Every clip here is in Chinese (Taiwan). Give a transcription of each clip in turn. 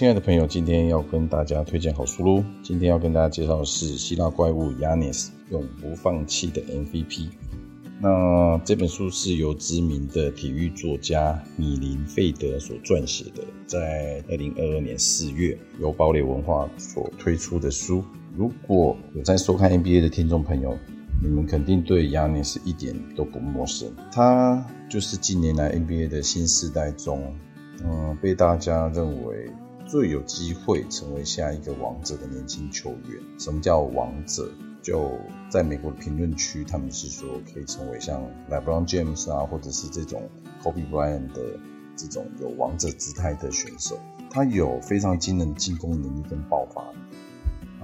親愛的朋友，今天要跟大家推薦好書嘍！今天要跟大家介紹的是希臘怪物揚尼斯永不放棄的 MVP。那這本書是由知名的體育作家米林費德所撰寫的，在二零二二年四月由堡壘文化所推出的書。如果有在收看 NBA 的聽眾朋友，你們肯定對揚尼斯一點都不陌生。他就是近年來 NBA 的新世代中，嗯、呃，被大家認為。最有機會成為下一個王者的年輕球員。什麼叫王者？就在美國的評論區，他們是說可以成為像 LeBron James 啊，或者是這種 Kobe Bryant 的這種有王者姿態的選手。他有非常驚人的進攻能力跟爆發，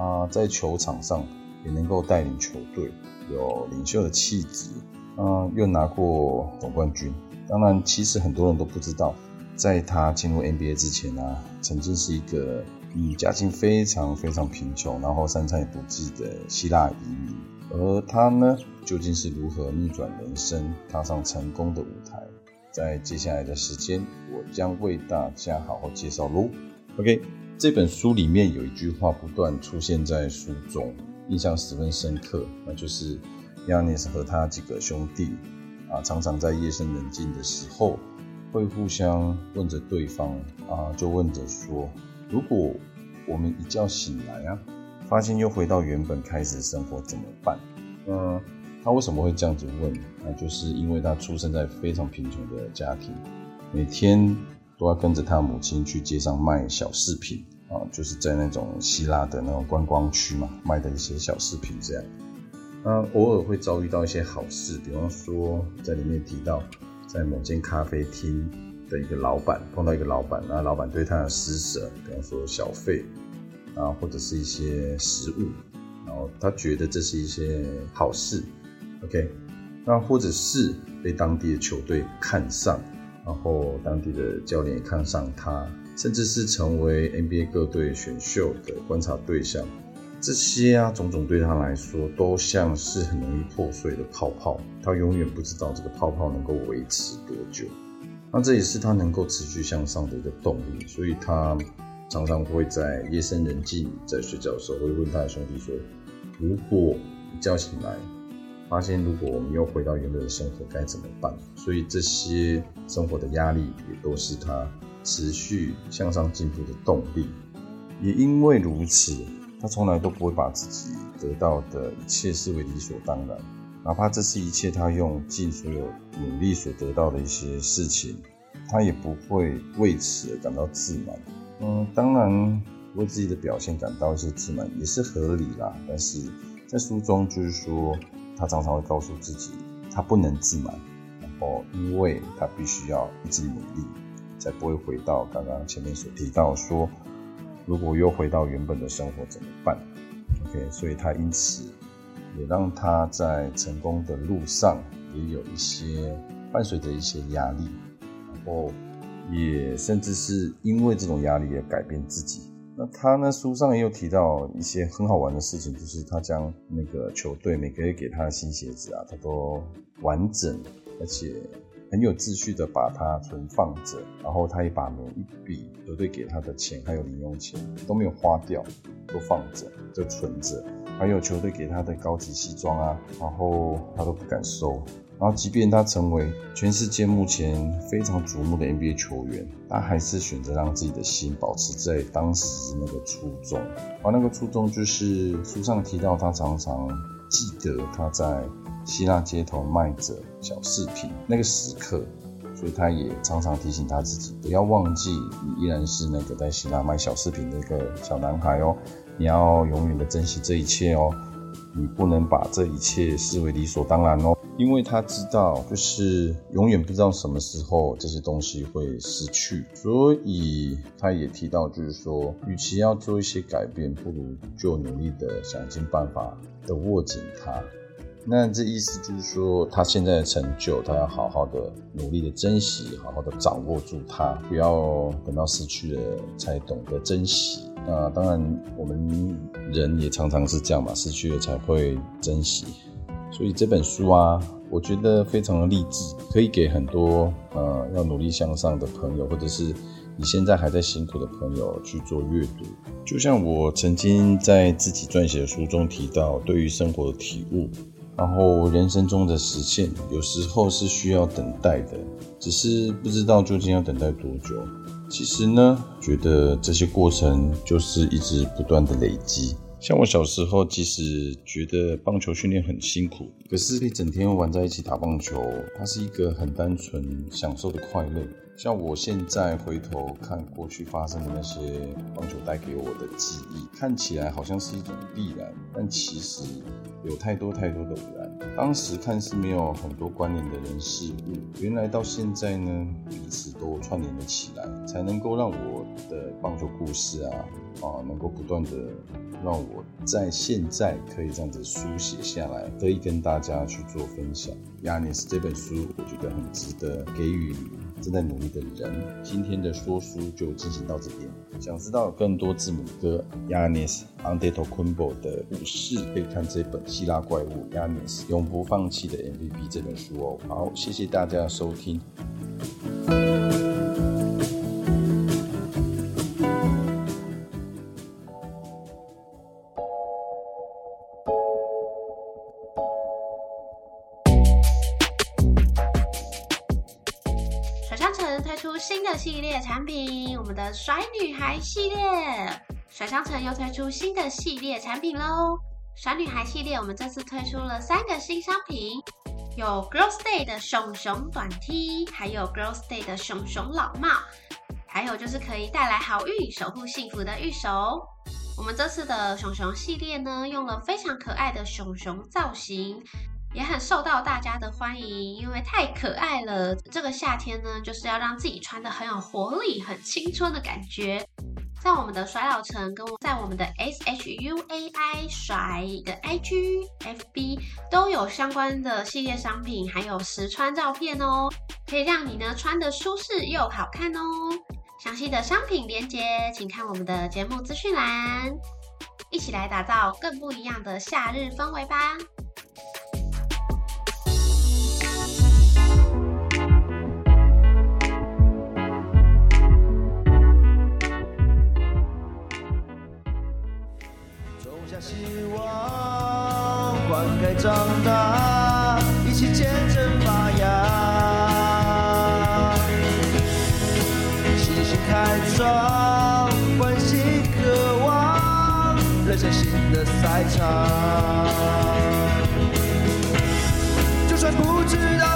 啊，在球場上也能夠帶領球隊，有領袖的氣質，嗯，又拿過總冠軍。當然，其實很多人都不知道。在他進入 NBA 之前呢，啊，曾經是一個嗯，家境非常非常貧窮，然後三餐也不濟的希臘移民。而他呢，究竟是如何逆轉人生，踏上成功的舞台？在接下來的時間，我將為大家好好介紹嘍。OK，這本書裡面有一句話不斷出現在書中，印象十分深刻，那就是揚尼斯和他幾個兄弟啊，常常在夜深人靜的時候。會互相問着對方啊，就問着說：“如果我們一覺醒來啊，發現又回到原本開始的生活怎麼辦？”嗯，他為什麼會這樣子問？那、啊、就是因為他出生在非常貧窮的家庭，每天都要跟着他母親去街上賣小飾品啊，就是在那種希臘的那種觀光區嘛，賣的一些小飾品這樣。那、啊、偶爾會遭遇到一些好事，比方說在裡面提到。在某間咖啡廳的一個老闆碰到一個老闆，那老闆對他的施捨，比方說小費，啊，或者是一些食物，然後他覺得這是一些好事，OK，那或者是被當地的球隊看上，然後當地的教練也看上他，甚至是成為 NBA 各隊選秀的觀察對象。這些啊，種種對他來說，都像是很容易破碎的泡泡。他永遠不知道這個泡泡能夠維持多久。那這也是他能夠持續向上的一個動力。所以，他常常會在夜深人靜在睡覺的時候，會問他的兄弟說：“如果一覺醒來，發現如果我們又回到原來的生活，該怎麼辦？”所以，這些生活的壓力也都是他持續向上進步的動力。也因為如此。他從來都不會把自己得到的一切視為理所當然，哪怕這是一切他用盡所有努力所得到的一些事情，他也不會為此而感到自滿。嗯，當然為自己的表現感到一些自滿也是合理啦。但是在書中就是說，他常常會告訴自己，他不能自滿，然後因為他必須要一直努力，才不會回到剛剛前面所提到說。如果又回到原本的生活怎麼辦？OK，所以他因此也讓他在成功的路上也有一些伴隨着一些壓力，然後也甚至是因為這種壓力也改變自己。那他呢？書上也有提到一些很好玩的事情，就是他將那個球隊每個月給他的新鞋子啊，他都完整，而且。很有秩序的把它存放着，然後他也把每一筆球隊給他的錢，還有零用錢都沒有花掉，都放着，都存着。還有球隊給他的高級西裝啊，然後他都不敢收。然後，即便他成為全世界目前非常矚目的 NBA 球員，他還是選擇讓自己的心保持在當時那個初衷。而那個初衷就是書上提到，他常常記得他在。希臘街頭賣着小飾品那個時刻，所以他也常常提醒他自己，不要忘記，你依然是那個在希臘賣小飾品的一個小男孩哦。你要永遠的珍惜這一切哦，你不能把這一切視為理所當然哦。因為他知道，就是永遠不知道什麼時候這些東西會失去，所以他也提到，就是說，與其要做一些改變，不如就努力的想盡辦法的握緊它。那這意思就是說，他現在的成就，他要好好的努力的珍惜，好好的掌握住它，不要等到失去了才懂得珍惜。啊，當然我們人也常常是這樣嘛，失去了才會珍惜。所以這本書啊，我覺得非常的勵志，可以給很多呃要努力向上的朋友，或者是你現在還在辛苦的朋友去做閱讀。就像我曾經在自己撰寫的書中提到，對於生活的體悟。然後人生中的實現，有時候是需要等待的，只是不知道究竟要等待多久。其實呢，覺得這些過程就是一直不斷的累積。像我小時候，其實覺得棒球訓練很辛苦，可是可以整天玩在一起打棒球，它是一個很單純享受的快樂。像我現在回頭看過去發生的那些棒球帶給我的記憶，看起來好像是一種必然，但其實。有太多太多的偶然，當時看似沒有很多關聯的人事物，原來到現在呢，彼此都串聯了起來，才能夠讓我的棒球故事啊，啊，能夠不斷的讓我在現在可以這樣子書寫下來，可以跟大家去做分享。揚尼斯這本書，我覺得很值得給予正在努力的人。今天的說書就進行到這邊，想知道更多字母哥揚尼斯 Antetokounmpo 的故事，可以看這本書。希臘怪物揚尼斯，永不放棄的 MVP 這本書哦，好，謝謝大家收聽。甩商城推出新的系列產品，我們的甩女孩系列，甩商城又推出新的系列產品嘍。帥女孩系列，我們這次推出了三個新商品，有 Girl's Day 的熊熊短 T，還有 Girl's Day 的熊熊老帽，還有就是可以帶來好運、守護幸福的御守。我們這次的熊熊系列呢，用了非常可愛的熊熊造型，也很受到大家的歡迎，因為太可愛了。這個夏天呢，就是要讓自己穿得很有活力、很青春的感覺。在我們的甩老城跟在我們的 SHUAI 甩的 IG、FB 都有相關的系列商品，還有實穿照片哦，可以讓你呢穿得舒適又好看哦。詳細的商品連結，請看我們的節目資訊欄，一起來打造更不一樣的夏日氛圍吧。傷、歡喜、渴望，人生新的賽場。就算不知道。